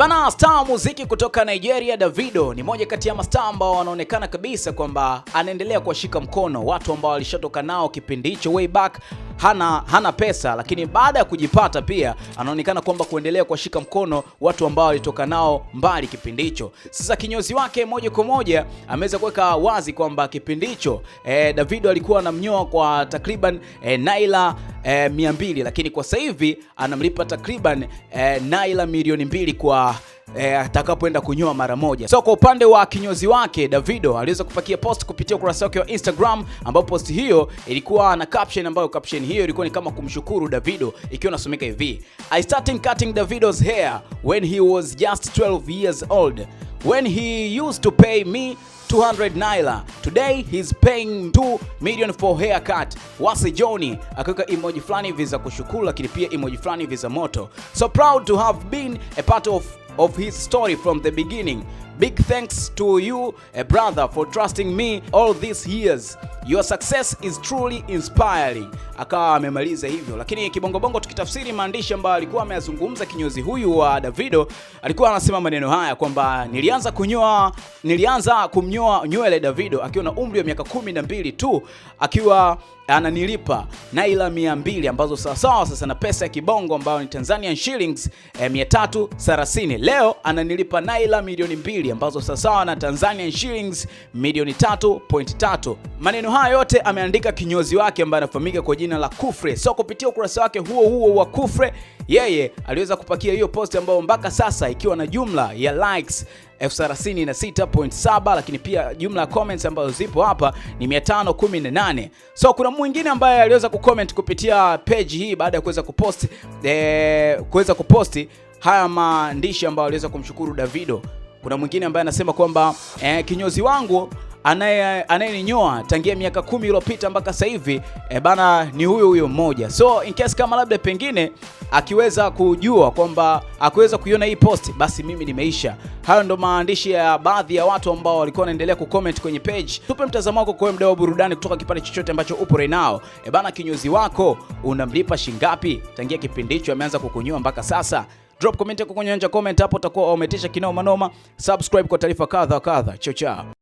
Ebana, star muziki kutoka Nigeria Davido ni moja kati ya mastaa ambao wanaonekana kabisa kwamba anaendelea kuwashika mkono watu ambao walishatoka nao kipindi hicho way back. Hana, hana pesa lakini baada ya kujipata pia anaonekana kwamba kuendelea kuwashika mkono watu ambao walitoka nao mbali kipindi hicho. Sasa kinyozi wake moja kwa moja ameweza kuweka wazi kwamba kipindi hicho eh, Davido alikuwa anamnyoa kwa takriban eh, Naila e, mbili lakini kwa sasa hivi anamlipa takriban e, eh, Naila milioni mbili kwa E, atakapoenda kunyoa mara moja. So kwa upande wa kinyozi wake Davido aliweza kupakia post kupitia ukurasa wake wa Instagram, ambapo post hiyo ilikuwa na caption ambayo caption hiyo ilikuwa ni kama kumshukuru Davido, ikiwa nasomeka hivi I started cutting Davido's hair when he was just 12 years old when he used to pay me 200 naira. Today he's paying 2 million for haircut. Wasi Johnny akaweka emoji fulani hivi za kushukuru, lakini pia emoji fulani hivi za moto. So proud to have been a part of of his story from the beginning. Big thanks to you, a eh, brother, for trusting me all these years. Your success is truly inspiring. Akawa amemaliza hivyo, lakini kibongobongo, tukitafsiri maandishi ambayo alikuwa ameyazungumza kinyozi huyu wa Davido, alikuwa anasema maneno haya kwamba nilianza kunyoa, nilianza kumnyoa nywele Davido akiwa na umri wa miaka kumi na mbili tu, akiwa ananilipa naila mia mbili ambazo sawasawa sasa na pesa ya kibongo ambayo ni Tanzanian shillings eh, 330. Leo ananilipa naila milioni mbili ambazo ambazo sawasawa na Tanzanian shillings milioni 3.3. Maneno haya yote ameandika kinyozi wake ambaye anafahamika kwa jina la Kufre. So kupitia ukurasa wake huo huo wa Kufre, yeye aliweza kupakia hiyo post ambayo mpaka sasa ikiwa na jumla ya likes 36.7 lakini pia jumla ya comments ambazo zipo hapa ni 518. So kuna mwingine ambaye aliweza kucomment kupitia page hii baada ya kuweza kupost eh, kuweza kuposti haya maandishi ambayo aliweza kumshukuru Davido. Kuna mwingine ambaye anasema kwamba eh, kinyozi wangu anayeninyoa tangia miaka kumi iliyopita mpaka sasa hivi e, bana ni huyo huyo mmoja. So in case kama labda pengine akiweza kujua kwamba akiweza kuiona hii post, basi mimi nimeisha. Hayo ndo maandishi ya baadhi ya watu ambao walikuwa wanaendelea kucomment kwenye page. Tupe mtazamo wako kwa mdau wa burudani kutoka kipande chochote ambacho upo right now. E bana, kinyozi wako unamlipa shingapi tangia kipindi hicho ameanza kukunyoa mpaka sasa? Drop comment yako kwenye nyanja comment hapo, utakuwa umetisha kinao manoma. Subscribe kwa taarifa kadha kadha. Chao chao.